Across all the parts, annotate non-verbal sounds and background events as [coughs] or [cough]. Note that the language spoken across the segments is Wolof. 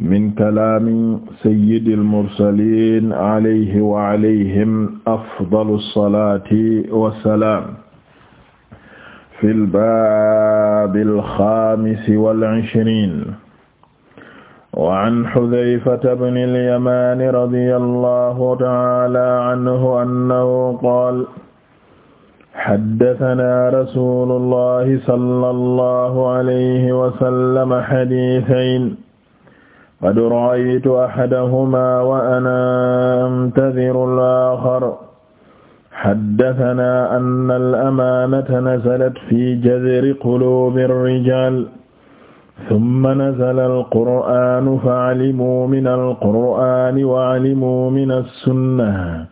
min kalaami sayyidil mursaliin alayhi wa alayhim afdalu salaati wa salaam. fil baabil xaamisi wal ishriin. wa an Xudayfata bnil Yamaani radiyallaahu ta'aalaa anhu annahu qaala haddasanaa rasuulullaahi sallallaahu alayhi wa sallam hadiisayn qad ra'aytu ahadahuma wa ana antadhiru al-akhar haddathana anna al-amaanata nazalat fi jazri quluubi ar-rijaal thumma nazala al-qur'aanu fa'alimuu mina al-qur'aani wa'alimuu mina as-sunnah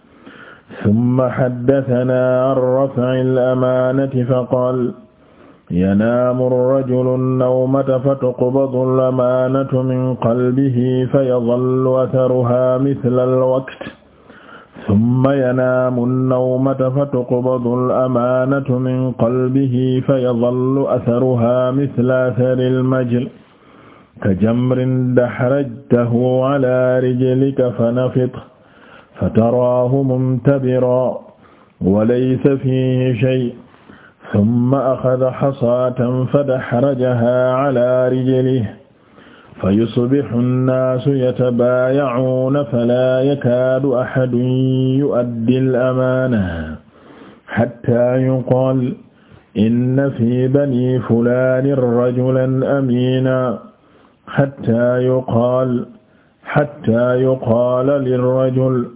thumma haddathana an raf'i al-amaanati faqaala yanaamu rajulu nawmata fatuqbadu lamaanatu min qalbihi fayadallu atharuhaa mithla alwaqt summa yanaamu nawmata fatuqbadu lamaanatu min qalbihi fayadallu atharuhaa mithla athari almajl kajamrin dahrajtahu alaa rijlika fanafida fataraahu muntabiran wa laysa fiihi shay' summa axada xasaatan fadaxrajahaa calaa rijlihi fa yusbixu nnaasu yatabaayacuuna falaa yakaadu axadun yu'addi l-amaanata xattaa yuqaal inna fii banii fulaanin rajulan amiinan xattaa yuqaal xattaa yuqaala lirrajuli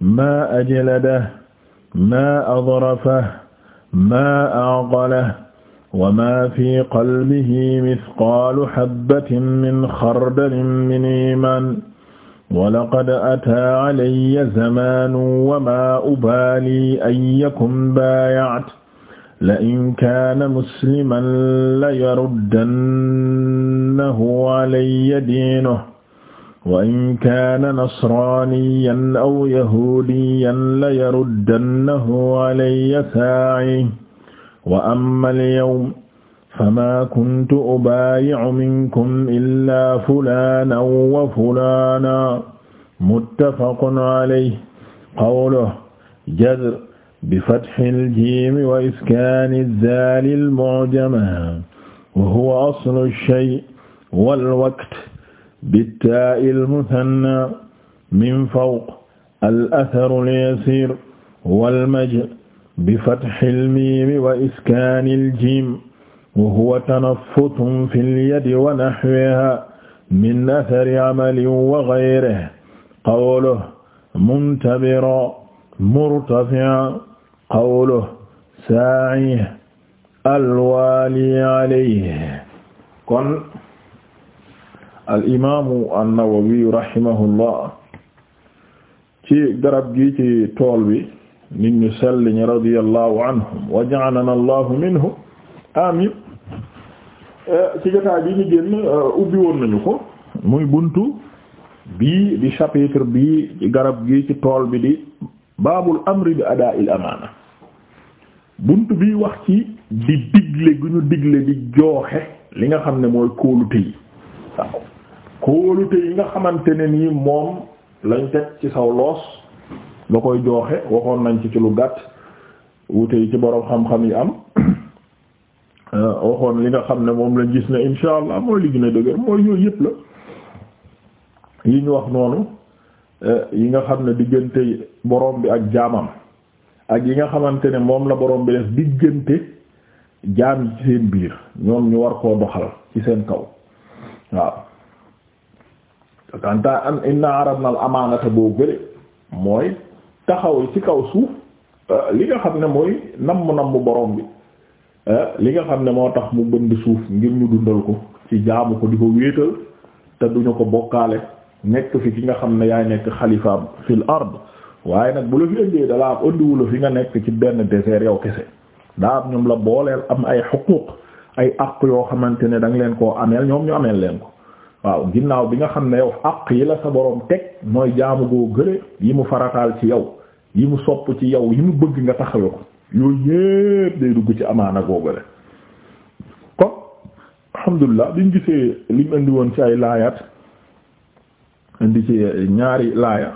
maa ajladahu maa adrafahu ma aqalahu wa ma fi qalbihi mithqaalu habbatin min xardalin min iimaan wa laqad ataa alayya zamaanun wa ma ubaalii an yakun baayactu la in kaana musliman la yaruddannahu alayya diinuhu wa in kaana nasraaniyan aw yahuudiyan la yaruddannahu alayya saa'i wa amma al-yawm famaa kuntu ubaayi'u minkum illaa fulaanan wa fulaanan muttafaqun alayhi qawluhu jazr bi fathil jiimi wa iskaani zaali al-mu'jama wa huwa aslu ash-shay' wal waqt bittaa'i al-muthannaa min fawq al-athar al-yasiir wal-majd bi fathi al-miim wa iskaani al-jiim wa huwa tanaffutun fi al-yadi wa nahwihaa min athari amalin wa ghayrihi qawluhu muntabiran murtafi'an qawluhu saa'iyan alwaaliyan alayhi kon al imaamu an-Nawawi rahimahullah ci garab gi ci tool bi nit ñu sell ñi radiyallahu anhum wa ja'alana allahu amin ci jotaay bi ñu génn ubbi woon nañu ko muy buntu bii di chapitre bii garab gi ci tool bi di baabul amri bi adaa'il amaana buntu bii wax ci di digle gu ñu digle di jooxe li nga xam ne mooy kóolute yi kóolute yi nga xamante ne nii moom lañ teg ci saw loos la koy jooxe waxoon nañ ci ci lu gàtt wute yi ci boroom xam-xam yi am euh, waxoon li nga xam ne moom lañ gis ne insha allah mooy li gën a dëgër la yi ñu wax noonu euh, yi nga xam ne diggante borom bi ak jaamam ak yi nga xamante ne moom la borom bi def diggante jaam yi ci seen biir ñoom ñu war koo doxal ci seen kaw waaw kanta an inna aradna al amaanata boo gële mooy taxaw ci kaw suuf euh, li nga xam ne mooy namm namm borom bi euh, li nga xam ne moo tax mu bënd suuf ngir ñu dundal ko ci jaamu ko di ko wéetal te duñu ko bokkaale nekk fi ki nga xam ne yaay nekk xalifaam fil ard waaye nag bu la fi ëndee dalaa am ëndiwula fi nga nekk ci benn désert yow kese daa am ñoom la booleel am ay xuquuq ay àq yoo xamante ne da nga leen koo ameel ñoom ñu ameel leen ko waaw ginnaaw bi nga xam ne yow àq yi la sa borom teg mooy jaamu goo gële yi mu farataal ci yow yi mu sopp ci yow yi mu bëgg nga taxawe ko yooyu yépp day dugg ci amaana goo gële kon alhamdulilah biñ gisee liñ indi woon ci ay laayaat indi ci ñaari laaya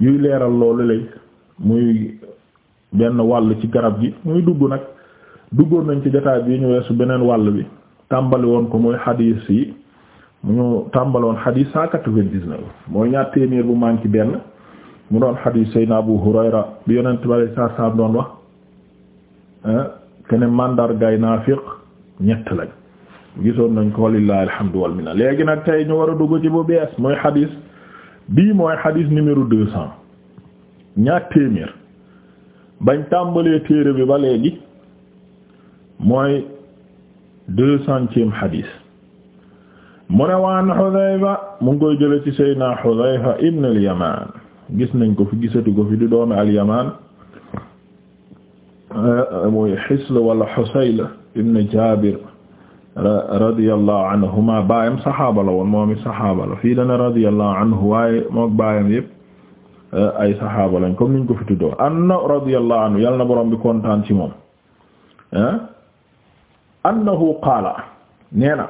yuy leeral loolu lay muy benn wàll ci garab gi muy dugg nag duggoon nañ ci jotaay bi ñu weesu beneen wàll bi tàmbali woon ko muy xadiis yi mu ñu tàmbaloon xadis cent quatre-vingt-dix-neuf mooy ñaar téeméer bu manqué benn mu doon xadis Seydina Abu Hurayra bi yonent bi alayhi salaatu salaam doon wax kene mandargaay naafiq ñett lañ gisoon nañ ko walillahi alhamdu wal léegi nag tey ñu war a dugg ci bu bees mooy xadis bii mooy xadis numéro deux cent ñaar téeméer bañ tàmbalee téere bi ba léegi mooy deux centième xadis mu ne waan Xudayfa mu ngi koy jële ci Seydina Xudayfa ibn al gis nañ ko fi gisatu ko di doomi al-Yamaan muy Xisl wala Xusayl ibn Jaabir radiyallahu anhuma baayam saxaaba la woon moom it saxaaba fii dana radiyallahu anhu waaye mook baayam yëpp ay saxaaba lañ comme niñ ko fi anna radiyallahu anhu yàlla na borom bi kontaan ci moom annahu qaala nee na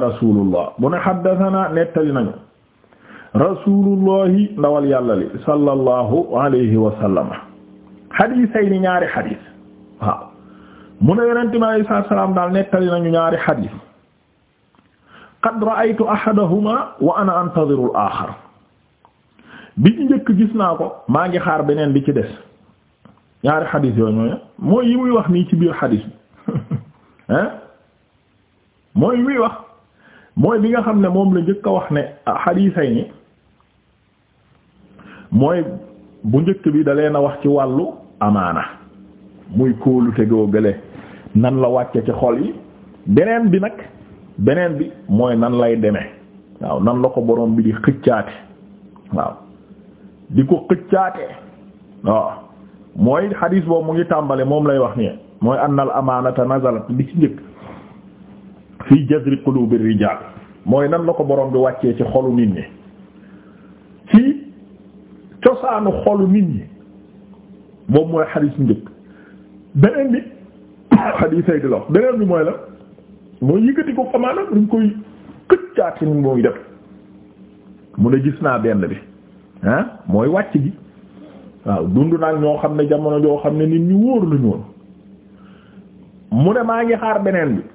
rasulullah mu ne xaddatanaa nettali nañu rasulullahi ndawal yàlla li sallallahu alayhi wa sallama ñaari xadiis mu ne yonente bi alayhi salaatu wa nettali nañu ñaari xadiis qad ra'aytu ahadahuma wa ana antadiru bi ci njëkk gis naa ko maa ngi xaar beneen bi ci des ñaari xadiis yooyu ñooñu mooy yi muy wax nii ci biir xadiis bi [laughs] mooy muy wax mooy bi nga xam ne moom la njëkk a wax ne xadiisay ni mooy bu njëkk bi da leen a wax ci wàllu amaana muy kóolute googale nan la wàcce ci xol yi beneen bi nag beneen bi mooy nan lay deme waaw nan la ko boroom bi di xëccaate waaw di ko xëccaate waaw mooy xadiis boobu mu ngi tàmbale moom lay wax nii mooy annal amaanata nazalat bi ci njëkk fii jazri qulubi rijal mooy nan la ko borom bi wàccee ci xolu nit ñi ci cosaanu xolu nit ñi moom mooy xadiis njëkk beneen bi [coughs] yi di la beneen bi mooy la mooy yëkkati ko amaana dañ koy këccaatin mooy def mu ne gis naa benn bi ah mooy wàcc gi waaw dund naa ñoo xam ne jamono joo xam ne nit ñu wóor lu mu ne maa ngi xaar beneen bi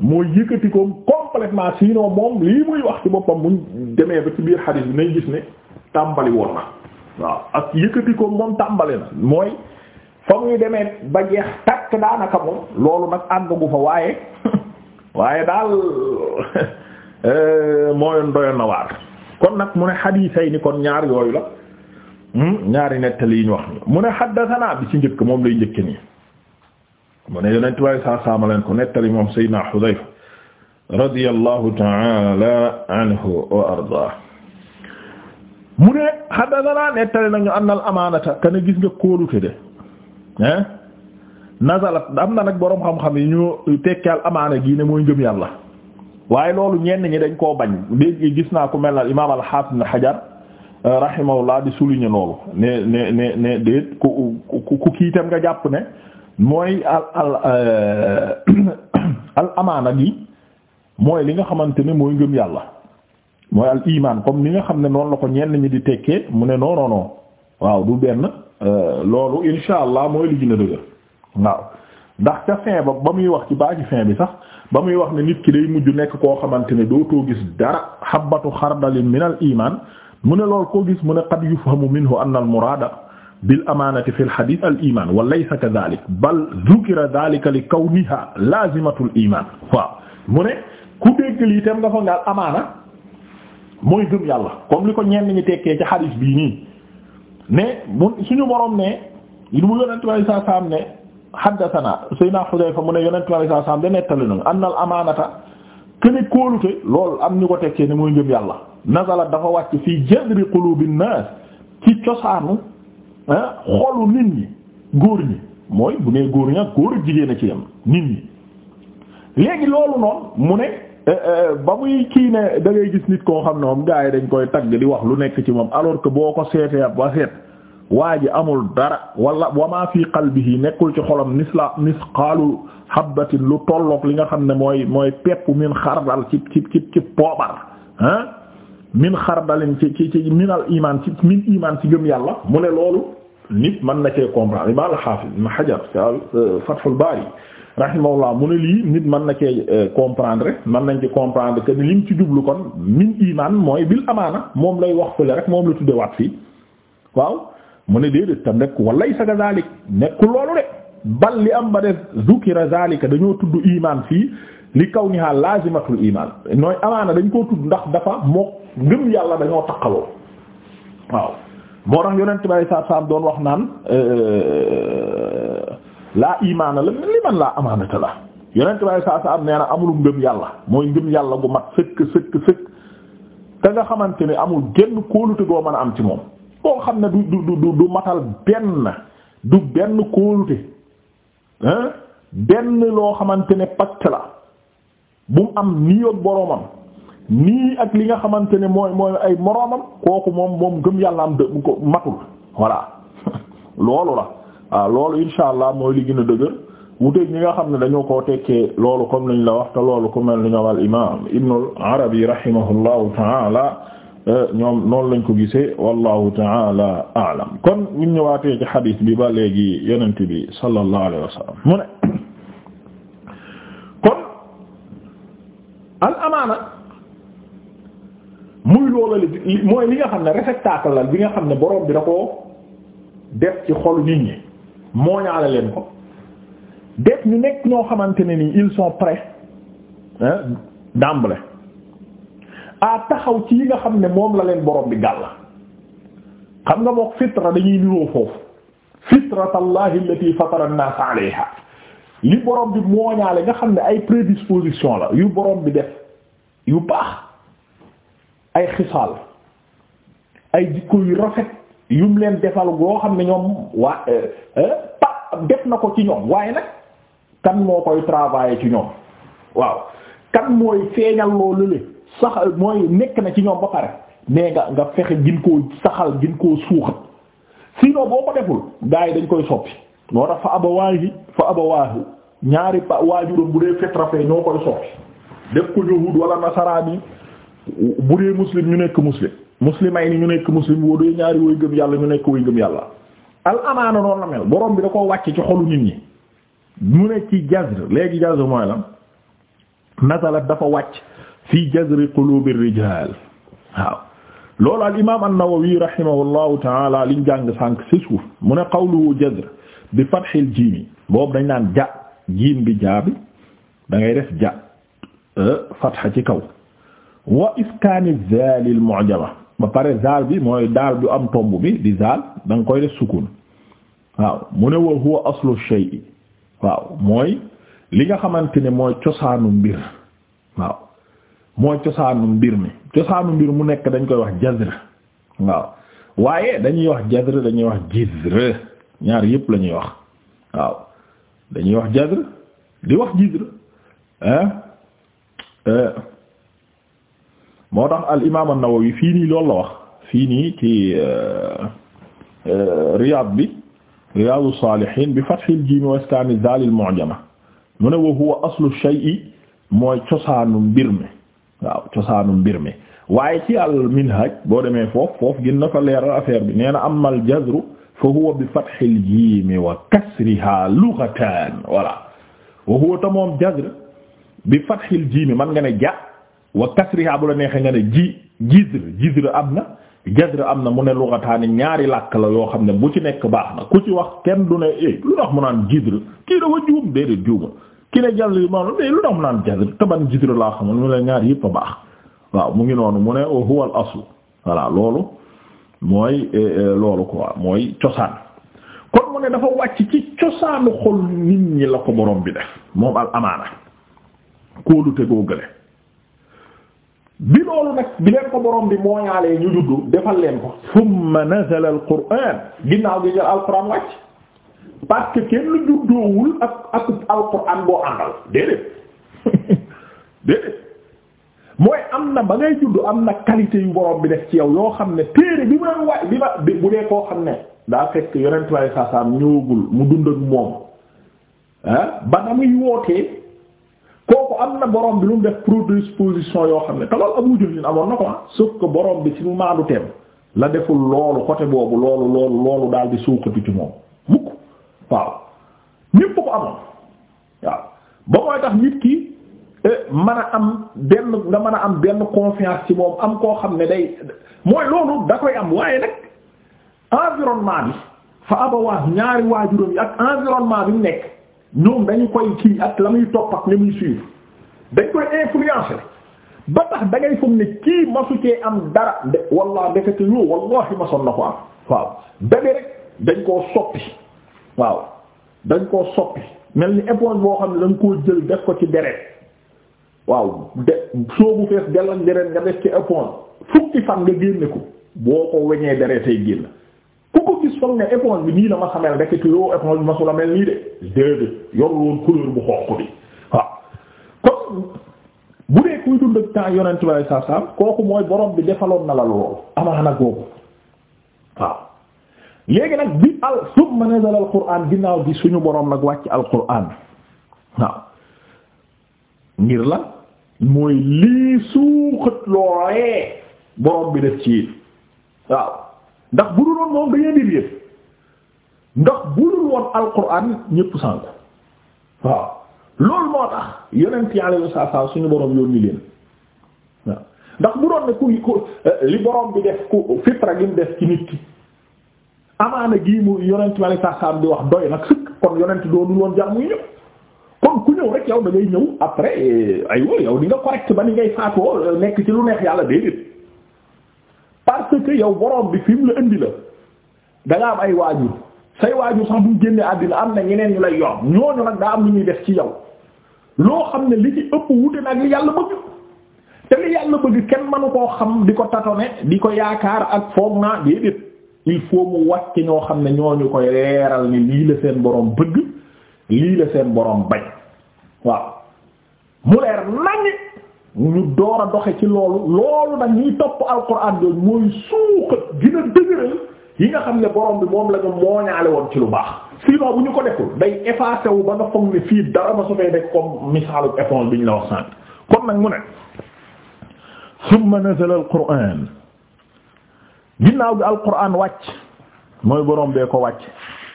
mooy yëkkati ko complètement sinon moom lii muy wax ci boppam muñ demee ba ci biir xadis bi nay gis ne tàmbali woon na waaw ak yëkkati moom tàmbali na mooy fa muy demee ba jeex takk daanaka moom loolu nag àggagu fa waaye [laughs] waaye daal [laughs] euh, mooyoon doyoon na waar kon nag mu ne xadisay ni kon ñaar yooyu la hmm? ñaari nettali yi ñu wax ni mu ne xaddasanaa bi ci njëkk moom lay njëkk nii mu ne yonent ko nettali moom Seydina Xudayfa mu ne haddathana nettali nañu am na boroom xam yi ñu tekkaal ne mooy ngëm loolu ñenn ñi dañ koo bañ léegi gis naa ku na imaam al-Hafiz ne déet ku ku ku nga jàpp ne mooy al al euh, [coughs] al amaana gi mooy li nga xamante ne mooy ngëm yàlla mooy al iman comme ni nga xam ne noonu la ko ñenn ñi di tekkee mu ne non waaw du benn euh, loolu insha mooy li gën a dëgër waaw ndax ca fin ba ba muy wax ci baa ci fin bi sax ba muy wax ne nit ki day mujj nekk koo xamante ne dootoo gis dara xabatu xardalin min al imaan mu ne lool koo gis mu ne qad yufhamu minhu anna al muraada bil amaanati fi hadith al iman wa laysa kadhalik bal dhukira dhalika li kawniha lazimatul waaw mu ne ku dégg lii tam nga fa ngal amaana mooy gëm yàlla comme li ko ñenn ñi tekkee ci hadith bii nii mais mu suñu borom ne li mu yonent bi saa saam ne haddathana Seydina Hudayfa mu ne yonent bi saa saam da nettali nañu anna al amaanata kene kóolute loolu am ñu ko tekkee ne mooy ngëm yàlla nazala dafa wàcc fii jadri qulubi nnaas ci cosaanu xolu nit ñi góor ñi mooy bu nee góor ñi ak góor ak jigéen a ci yam nit ñi léegi loolu noonu mu ne eh, eh, ba muy kii ne da ngay gis nit koo xam ne moom gaa yi dañ koy tagg di wax lu nekk ci moom alors que boo ko seetee ba seet waa ji amul dara wala wamaa fi qalbihi nekkul ci xolam nisla misqaalu habbatin lu tollook li nga xam ne mooy mooy pepp min xardal ci ci ci ci poobar ah min xardalin ci ci ci minal iman ci min iman ci gëm yàlla mu ne loolu nit man na cee comprendre imam al-Hafiz Ibn Hajar ca euh, Fathul mu ne lii nit man na cee euh, comprendre man nañ ci comprendre que ni lim ci jublu kon min iman mooy bil amaana moom lay wax fële rek moom la tudde waat fii waaw mu ne déedéet tam rek walay sa gazalik nekku loolu de bal li am ba def zukira zalika dañoo tudd iman fii li kaw niha lazimatul iman nooy amaana dañ koo tudd ndax dafa moo ngëm yàlla dañoo taqaloo waaw moo tax yonent bi saa saam doon wax naan euh, laa imaana la li man laa amaanata la yonent bi saa saam nee na amul ngëm yàlla mooy ngëm yàlla gu mat sëkk sëkk sëkk te nga xamante ne amul genn kóolute goo mën a am ci moom boo xam ne du du du matal benn du benn kóolute benn loo xamante ne pacte la bu mu am nii yoon boroomam nii ak li nga xamante ne mooy mooy ay moroomam kooku moom moom gëm yàlla am dë- ko matul voilà [laughs] loolu la waaw loolu insha allah mooy li gën a dëgër wuteeg ñi nga xam ne dañoo ko tekkee loolu comme lañ la wax te loolu ku mel ni ñoom al imaam ibnu arabi rahimahullahu taala eh, ñoom noonu lañ ko gisee wallahu taala aalam kon ñu ñëwaatee ci xadiis bi ba léegi yonent bi sallallahu alayhi wa mu ne kon al amaana muy loola li mooy li nga xam ne réceptacle la bi nga xam ne borom bi da koo def ci xolu nit ñi mooñaale leen ko def ñu nekk ñoo xamante ne nii ils sont prêts d'emblée à taxaw ci yi nga xam ne moom la leen boroom bi gàll. xam nga mook fitra dañuy niroo foofu fitratallahi allati fatara an-nas alayha li borom bi mooñaale nga xam ne ay prédisposition la yu borom bi def yu baax. ay xisaal ay jikko yu rafet yum leen defal goo xam ne ñoom waa euh, euh, pa def na ko ci ñoom waaye nag kan moo koy travailler ci ñoom waaw kan mooy feeñal loolu le sax euh, mooy nekk na ci ñoom ba pare mais nga nga fexe gin koo saxal gin koo suuxat sinon boo ko deful gars yi dañ koy soppi moo tax fa abawaahi fa abawaahu ñaari pa waajuram bu dee fetrafe ñoo koy soppi def ko yahuud wala nasaraan yi bu dee muslim ñu nekk muslim muslimay ni ñu nekk muslim woo dee ñaari way mu yàlla ñu nekk way gëm yàlla al amaana la mel borom bi da koo wàcc ci xolu nit ñi mu ne ci jazr léegi jazr mooy lan nasalat dafa wàcc fi jazri qulubi rijal waaw loolu al imam an-Nawawi rahimahullahu taala liñ jàng sànq ci suuf mu ne qawluhu jazr bi fathil jiimi boobu dañ naan ja jiim bi jaabi dangay def ja euh, fatha ci kaw wa iskaani zaalil mu'jama ba pare zaal bi mooy daal bu am tomb bi di zaal da nga koy def sukun waaw mu ne wa huwa aslu shay'i waaw mooy li nga xamante ne mooy cosaanu mbir waaw mooy cosaanu mbir mi cosaanu mbir mu nekk dañ koy wax jazr waaw waaye dañuy wax jazr dañuy wax jizr ñaar yépp la ñuy wax waaw dañuy wax jazr di wax jizr ah. moo tax al imaam an-Nawawi fii nii loolu la wax fii nii ci euh, euh, Riyad bi Riyadu Salihin bi fathil jiim wa iskaani daal al mu'jama mu ne wa huwa aslu shay'i mooy cosaanu mbir mi waaw cosaanu mbir mi waaye ci al minhaj boo demee foofu foofu gën na fa leeral affaire bi nee na amma al jazru fa huwa bi fathil jiim wa kasriha lughatan voilà wa huwa ta moom jazr bi fathil jiim man nga ne ja wa kasriha bu la neexee nga ne ji jizr jizr am na jazr am na mu ne lughataani ñaari làkk la yoo xam ne bu ci nekk baax na ku ci wax kenn du ne eh lu tax mu naan jizr kii dafa juum déedéet juuma ki ne jazr maanaam eh lu tax mu naan jazr te ban jizr laa xamul mu ne ñaar yëpp a baax waaw mu ngi noonu mu ne huwa al aslu voilà loolu mooy eh, eh, loolu quoi mooy cosaan kon mu ne dafa wàcc ci cosaanu xol nit ñi la ko borom bi def moom al amaana bi loolu nag bi leen ko boroom bi moo mooñaalee ñu juddu defal leen ko thumma nazala al quran ginnaaw gi jël al quran wàcc parce que kenn juddoowul ak ak al quran boo àndal déedéet [laughs] déedéet mooy am na ba ngay juddu am na qualité yu borom bi def ci yow yoo xam ne téere bi ma wa bi ma bu dee koo xam ne daa fekk yonent bi ñëwagul mu dund ak moom ah ba na wootee kooku am na borom bi lu mu def prédisposition yoo xam ne te loolu jur Jahl amoon na ko ah sauf que bi ci mu maadu teem la deful loolu côté boobu loolu loolu loolu daal di suuxatu ci moom mukk waaw ñépp ko amoon waaw ba mooy tax nit ki eh, mën a am benn nga mën a am benn confiance ci moom am koo xam ne day mooy loolu da koy am waaye nag environnement bi fa abawaa ñaari waajuram yi ak environnement bi mu nekk. ñoom dañu koy kii ak la muy topp ak la muy suivre dañ koy influencer ba tax da foog ne kii masu cee am dara de wallaahi ndekete yoo wallaahi masoon na ko am waaw bébé rek dañ koo soppi waaw dañ koo soppi mel ni epon boo xam ne dañ koo jël def ko ci deret waaw de soobu fees dellak deret nga def ci éponge fukki fan nga génne ko boo ko weñee deretay génn foog ne éponge bi nii la ma xamel ndekete yoo éponge bi ma su la mel nii de déedéet yorul woon couleur bu xonq bi waaw kon bu dee kuy dund temps yonent bi saa saa kooku mooy borom bi defaloon na la loolu amaana googu waaw léegi nag bi al summa nazala al qur'an ginnaaw bi suñu boroom nag wàcc al qur'an waaw ngir la mooy lii suuxat loolee borom bi def ci waaw. ndax bu dul woon moom da ngeen di réer ndax bu dul woon alquran ñépp sànk waaw loolu moo tax yonent yi alayhi salaam suñu borom yónni leen waaw ndax bu doon ne ku ku eh, li boroom bi def ku fitra gi mu def ci nit ki amaana gii mu yonent yi alayhi di wax doy nag sëkk kon yonent doonul woon jar muy ñëw kon ku ñëw rek yow da ngay ñëw après eh, aywa yow di nga correct ba ni ngay faatoo eh, nekk ci lu neex yàlla déedéet. parce yow boroom bi fi mu la indi la da am ay waajur say waajur sax buñ génne àddina am na ñeneen ñu lay yor ñooñu nag daa am lu ñuy def ci yow loo xam ne li ci ëpp wute nag li yàlla bëgg te li yàlla bëgg kenn mënu koo xam di ko tatone di ko yaakaar ak foog naa déedéet il faut mu wàcc ñoo xam ne ñooñu koy leeral ni lii la seen boroom bëgg lii la seen boroom bañ waaw mu leer nañ ñu door a doxe ci loolu loolu nag ñuy topp alquran yooyu mooy suuxat dina dëgëral yi nga xam ne borom bi moom la ñu mooñaale woon ci lu baax sinon bu ñu ko deful day effacé wu ba nga foog ne fii dara ma su fee nekk comme misaalu éponge bi ñu la wax sànq kon nag mu ne summa nazala alquran ginnaaw bi alquran wàcc mooy borom bee ko wàcc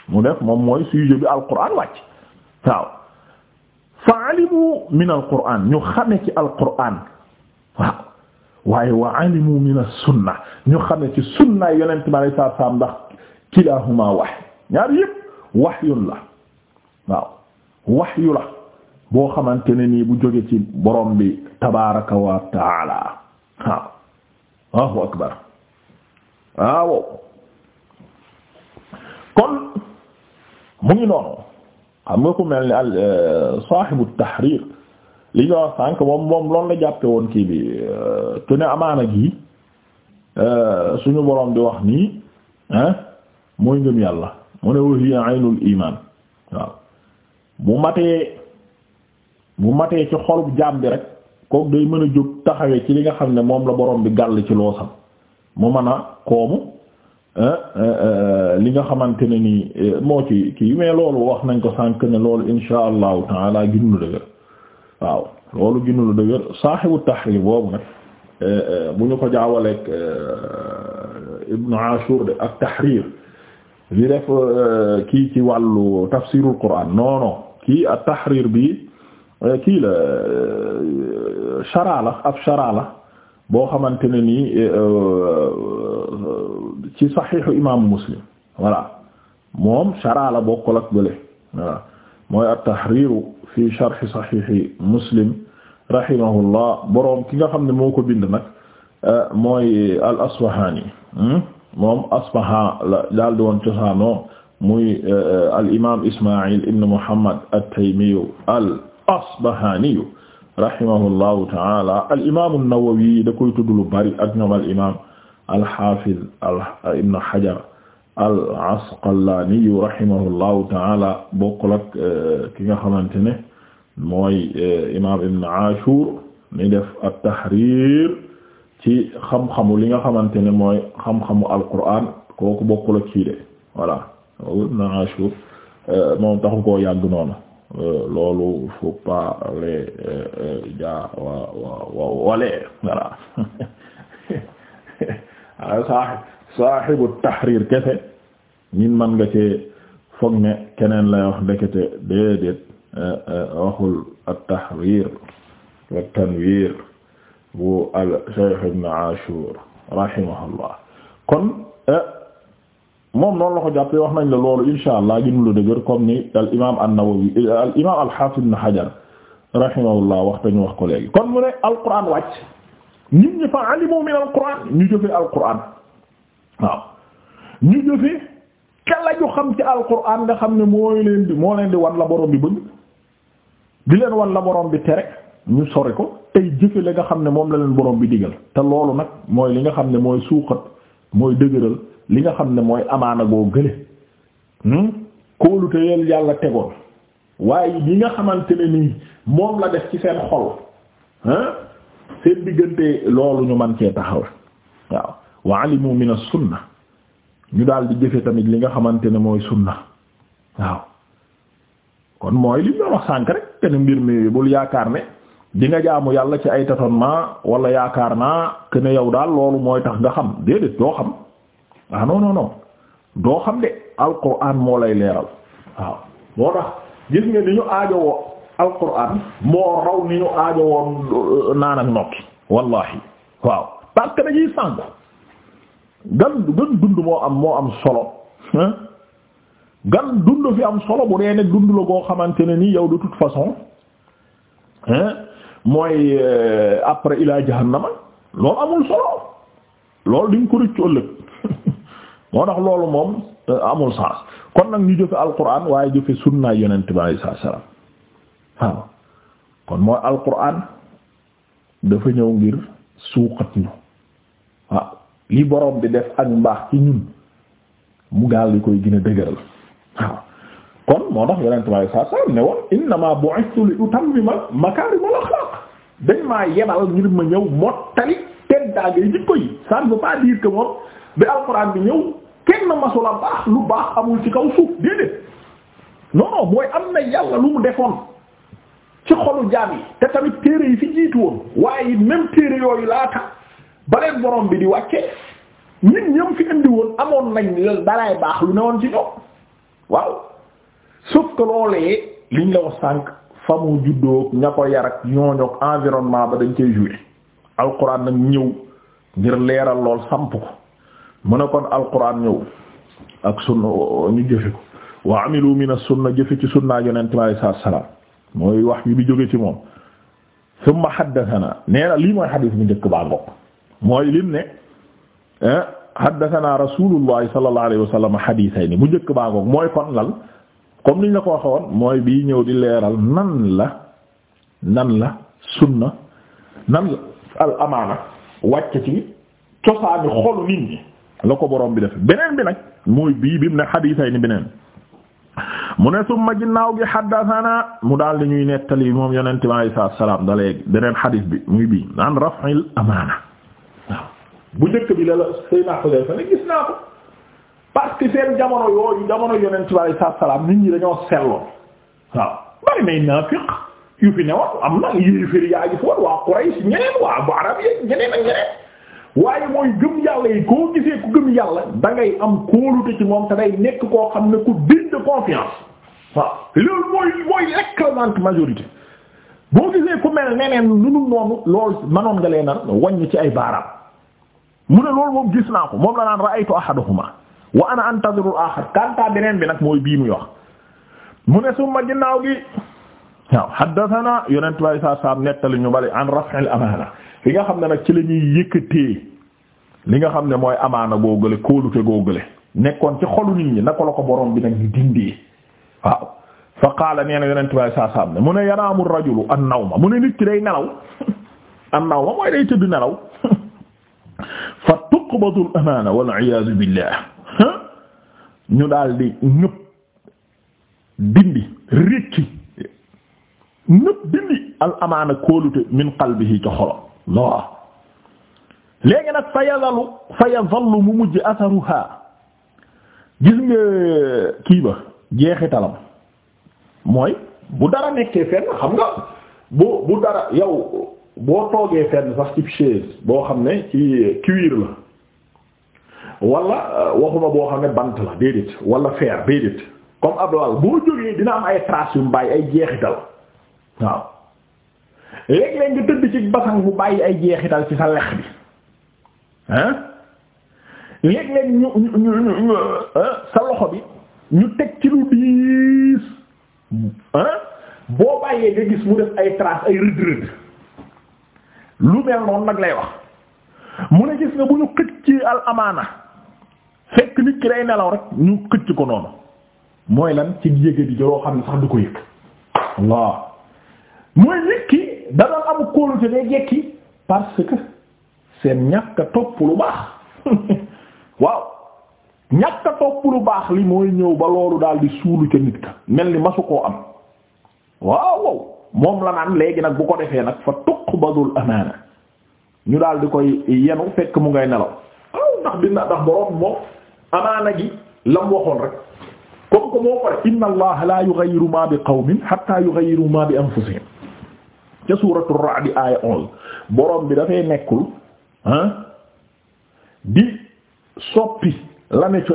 mu def moom mooy sujet bi alquran wàcc waaw fa alimu min alquran ñu xame ci alquran waaw waaye wa alimu min as-sunna ñu xame ci sunna yonent bi alayhi salaatu salaam ndax kilahuma wahyi ñaar yépp wahyun la waaw wahyu la boo xamante ne nii bu jóge ci borom bi tabaraka wa taala waaw Allahu akbar waaw kon mu ngi noonu xam nga ku mel ni al euh, saaxibu tahrir li nga wax sànq moom moom loolu la jàppe woon kii bi euh, tu ne amaana gi euh, suñu boroom di wax nii mooy ngëm yàlla mu ne wa hiya aynul iman waaw bu matee bu matee ci xolub jaam bi rek kook day mën a jóg taxawee ci li nga xam ne moom la boroom bi gàll ci loosam mu mën a koomu Euh, euh, euh, li nga xamante ne nii moo ci kii mais loolu wax nañ ko sànq ne loolu insha allahu taala ginulu dëgër waaw loolu ginulu dëgër saaxibu tahrim boobu nag bu ñu ko jaawaleeg ibnu ashur de ak tahrir li def kii ci wàllu tafsirul quran non non kii ak tahrir bi kii la shara la ab shara la boo xamante ne nii eh, euh, ci saxiixu imaamu muslim voilà moom shara la bokkul ak bële voilà mooy at-tahriiru fi sharxi saxiixi muslim rahimahullah boroom ki nga xam ne moo ko bind nag eh, mooy al asbahaani hmm? moom asbaha la daal di woon cosaanoo muy eh, al imaam isma'il ibn muhammad at-taymiyu al asbahaaniyu rahimahullahu taala al imaamu Nawawi da koy tudd lu bari ak ñoom al imaam al haafiz al ibn Hajar al Asqalaani rahimahullahu taala bokkul ak eh, ki nga xamante ne mooy eh, imaam ibn Ashur mi def at-Tahriir ci xam-xamu li nga xamante ne mooy xam-xamu Alqur'aan kooku bokkul ak kii de voilà ibn Ashur eh, moom taxu koo yàgg noonu. loolu faut pas les euh, euh, ja wa wa walee voilà [laughs] ah, saa saaxibu tahrir kese ñin man nga ci foog ne keneen lay wax ndekete déedéet euh, waxul at-tahrir wa tanwir bu al Shaykh Ibn Ashur rahimahullah kon moom noonu la ko jàppee wax nañ la loolu insha allah gënu la dëgër comme ni al imaam an-Nawawi al imaam al-Hafiz ibn Hajar rahimahullah wax te wax ko léegi kon mu ne alquran wàcc nit ñi fa alimu min alquran ñu jëfee alquran waaw ñu jëfee kala ju xam ci alquran nga xam ne mooy leen di moo leen di wan la borom bi bëgg di leen wan la borom bi tere ñu sori ko tey jëfe la nga xam ne moom la leen borom bi digal te loolu nag mooy li nga xam ne mooy suuxat. mooy dëgëral li nga xam ne mooy amaana boo gële hmm? kóolute yel yàlla tegoon waaye yi nga xamante ne nii moom la def ci seen xol ah seen diggante loolu ñu man cee taxaw waaw waa alimu min as-sunna ñu daal di jëfe tamit li nga xamante ne mooy sunna waaw kon mooy li ñu wax sànk rek kenn mbir mi bul yaakaar ne di jaamu yàlla ci ay tâtonnement wala yaakaar naa que ne yow daal loolu mooy tax nga xam déedéet doo xam ah non non doo xam de alquran moo lay leeral waaw moo tax gis nga ni ñu aajowoo alquran moo raw ni ñu aajowoo euh, naan ak nokki wallahi waaw parce dañuy sànk gan gan dund moo am moo am solo gan dund fi am solo bu dee ne dund la boo xamante ne nii yow de toute façon hein mooy euh, après ilaa jahannama loolu amul solo loolu diñ ko rëccu ëllëg [laughs] moo tax loolu moom euh, amul sens kon nag ñu jëfe alquran waaye jëfe sunnaay yonent bi alayhi salaam waaw kon mooy alquran dafa ñëw ngir suuqat ñu bi def ak mbaax ci gaal li koy gën a moo tax yonent bi alayhi salaam ne woon innamaa bu'ithtu li utammima makaarimal axlaaq dañ maa yebal ngir ma ñëw mottali ten daa ngay jikko yi ça ne veut pas dire moom bi alxuraan bi ñëw kenn masula baax lu baax amul ci kaw suuf déedéet non mooy am na yàlla lu mu defoon ci xolu jaam yi te tamit téere yi fi jiitu woon waaye même téere yooyu laata baleen borom bi di wàcce nit ñoom fi indi woon amoon nañ daraay baax lu ne woon ci ñoom waaw sauf que loolee liñ la wax sànk famu mu juddoo ña ko yar ak ñooñu environnement ba dañ cay jouer alquran nag ñëw ngir leeral lool samp ko mu ne kon alquran ñëw ak sunna ñu jëfe ko wa amilu min as-sunna jëfe ci sunna yonent bi alayhi salaatu wa salaam mooy wax yu bi jóge ci moom summa haddathana nee na lii mooy xadis bu njëkk baa ngokk mooy lim ne eh, haddathana rasulullahi sallallahu alayhi wa sallam xadisay ni bu njëkk baa ngokk mooy kon lal comme niñ la ko waxoon mooy bii ñëw di leeral nan la nan la sunna nan la al amaana wàcc ci cosaani xolu nit la ko borom bi def beneen bi nag mooy bii bi mu ne xadiisay ni beneen mu ne summa ginnaaw gi xaddathana mu daal di ñuy nettali moom yonente bi alayhi salaatu salaam da léegi beneen xadiis bi muy bii naan raf'il amaana bu njëkk bi la la sëy naa ko gis naa parce seen jamono yooyu jamono yonent bi alayhi salaam nit ñi dañoo selloon waaw bari nay naafiq yu fi newoon am na yéeféer yaa ngi foon waa Quraysh ñeneen waa bu arab yi ñeneen ak ñeneen waaye mooy gëm yàlla yi koo gisee ku gëm yàlla da am kóolute ci moom te nekk koo xam ne ku digne de confiance waaw loolu mooy mooy l'écrasante boo gisee ku mel neneen lu nu noonu loolu manoon nga leen a ci ay baaraam mu ne loolu moom gis naa ko moom la naan ra'aytu wa ana antazirul axar kanta beneen bi nag mooy bii muy wax mu ne summa ginnaaw gi waaw haddathana yonent bi saa saam nettali ñu bari an raf'il amaana li nga xam ne nag ci lañuy ñuy yëkkatee li nga xam ne mooy amaana googale kóolute googale nekkoon ci xolu nit ñi naka la ko boroom bi nag di dindee waaw fa qaala nee na yonent bi saa saam ne mu ne yanaamu rajulu an nawma mu ne nit ki day nelaw [laughs] an nawma mooy day tëdd [laughs] fa tuqbadul amaana wal iyaadu billah ñu daldi ñëpp dindi rékki ñëpp dindi al amaana kóolute min qalbihi ca xolo la léegi nag fa yazalu fa yazallu mu mujj asaruha gis nga kii ba jeexitalam mooy bu dara nekkee fenn xam nga bu bu dara yow boo toogee fenn sax ci chaise boo xam ne ci cuir la wala euh, waxuma boo xam ne bant la déedéet wala fer déedéet comme ab boo jógee dina am ay traces yu mu bàyyi ay jeexital waaw léeg-léeg nga tëdd ci basang bu bàyyi ay jeexital ci sa lex bi ah léeg-léeg ñu ñu ñu euh, sa loxo bi ñu teg ci lu diis ah boo bàyyee nga gis mu def ay traces ay rëdd rëdd lu mel noonu nag lay wax mu ne gis nga bu ñu xëccee al fekk nit ki day nelaw rek ñu këcc ko noonu mooy lan ci yéga di joo xam ne sax du ko yëg waaw mooy nit ki da doon amu kóolute jekki parce que seen ñàkk topp lu baax [laughs] waaw ñàkk topp lu baax li mooy ñëw ba loolu daal di suulu ca nit ka mel ni masu koo am waaw wow moom la naan léegi nag bu ko defee nag fa tuqbadul amaana ñu daal di koy yenu fekk mu ngay nelaw waaw ndax dina ndax boroom moom amaana gi lam waxoon rek comme que moo ko rek inna allaha la yughayyiru ma bi qawmin hatta yughayyiru ma bi anfusihim ca suuratu ra'd aaya onze borom bi dafay nekkul ah di soppi la nekk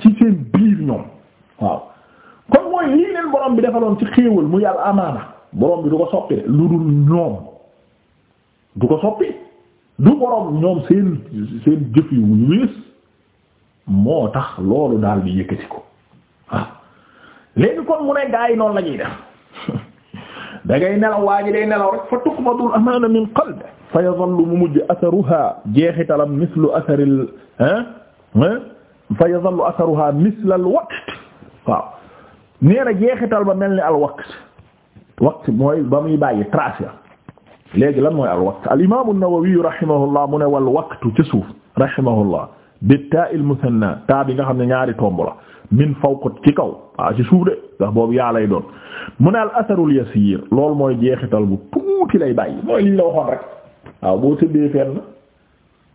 ci seen biir ñoom waaw kon mooy lii leen borom bi defaloon ci xéewal mu yàlla amaana borom bi du ko soppi lu dul ñoom du ko soppi du borom ñoom seen seen jëf yu wees moo tax loolu daal di yëkkati ko waaw léegi kon mu ne gaa yi noonu def [laughs] da nelaw waa day nelaw fa tuqbadul amaana min qalbi fa yadhallu mu mujj atharuha jeexitalam mislu atharil ah ah fa yadhallu atharuha misla al waqt jeexital ba mel ni al waqt waqt mooy ba muy bàyyi trace léegi lan mooy al waqt al imaamu an-Nawawi rahimahullah mu ne wal waqtu ca suuf rahimahullah bi taa il musanna taa bi nga xam ne ñaari tomb la min fawq ci kaw ah ci suuf de ndax boobu yaa lay doon mu ne al asarul yasiir loolu mooy jeexital bu tuuti lay bàyyi mooy liñ la waxoon rek waaw boo tëddee fenn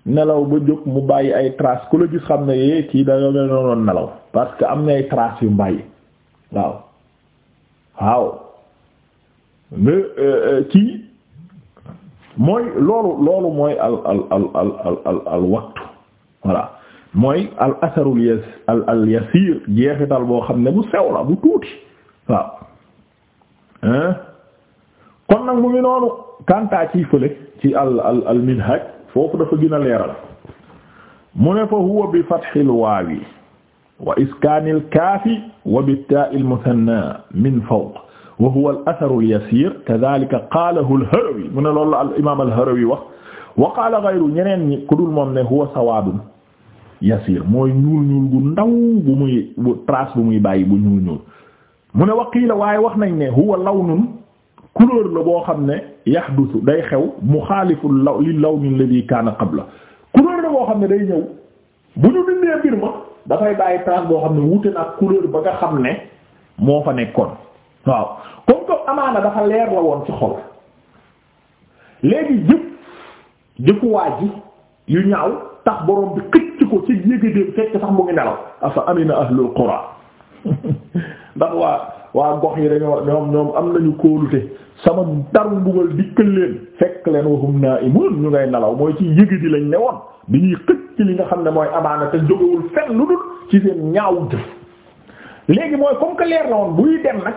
nelaw ba jóg mu bàyyi ay traces ku la gis xam ne yee eh, kii da nga doon nelaw parce que am na ay traces yu bàyyi waaw waaw nga euh, euh, kii mooy loolu loolu mooy al al al al al al mooy al asarul yasiir jeexital boo xam ne bu sew la bu tuuti waaw kon nag mu ngi noonu kantaa ciy fële ci al al al minhaj foofu dafa gën a leeral mu ne fa huwa bi fathil waawi wa iskaanil kaafi wa bi taa'il muthanna min fawq wa huwa al-atharu al-yasir mu ne loolu al imaam al-Harawi wax wa qaala ghayru ñeneen ñi ku dul moom ne huwa sawaadun yasir mooy ñuul ñuul gu ndaw bu muy bu bu muy bàyyi bu ñuul ñuul mu ne waqiila waaye wax nañ ne huwa lawnun couleur la boo xam ne yahdusu day xew muxaaliful law lil lawni alladhi kaana qabla couleur la boo xam ne day ñëw bu ñu dindee mbir ma dafay bàyyi trace boo xam ne wute na ak couleur ba nga xam ne moo fa nekkoon waaw comme que amaana dafa leer la woon ci xol léegi jëf jëfuwaay ji yu ñaaw tax boroom bi xëcc ko ci yëgadéem fekk sax mu ngi nelaw afa amina ahlul qura [laughs] ndax waa waa gox yi dañoo ñoom ñoom am nañu kóolute sama daru mbugal dikkal leen fekk leen waxum naa imun ñu ngay nelaw mooy ci yëgadi lañ ne woon bi ñuy xëcc li nga xam ne mooy amaana te jógewul fenn lu dul ci seen ñaaw jëf léegi mooy comme que leer la woon buy dem nag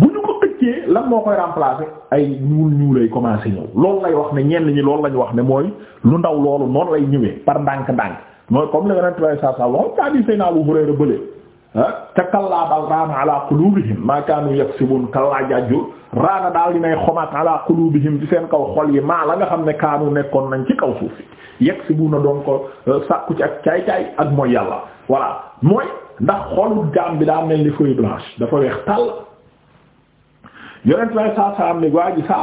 bu ñu ko xëccee lan moo koy remplacer ay ñuul ñuulay commencé ñëw loolu lay wax ne ñenn ñi loolu lañu wax ne mooy lu ndaw loolu noonu lay ñëwee par ndànk-ndànk mooy comme le yonent way sa sa lool daa di Seydina Abu Hurayra bële ah ca kallaa bal raana ala qulubihim ma kaanu yaksibun kallaa jàjjur raana daal dinay xomaat bi qulubihim ci seen kaw xol yi maa la nga xam ne kaanu nekkoon nañ ci kaw suuf si yaksibuna doon ko euh, sàkku ci ak caay-caay ak mooy yàlla voilà mooy ndax xolu jaam bi daa mel ni feuille blanche dafa yonent lay saa saa am ne waa ji saabu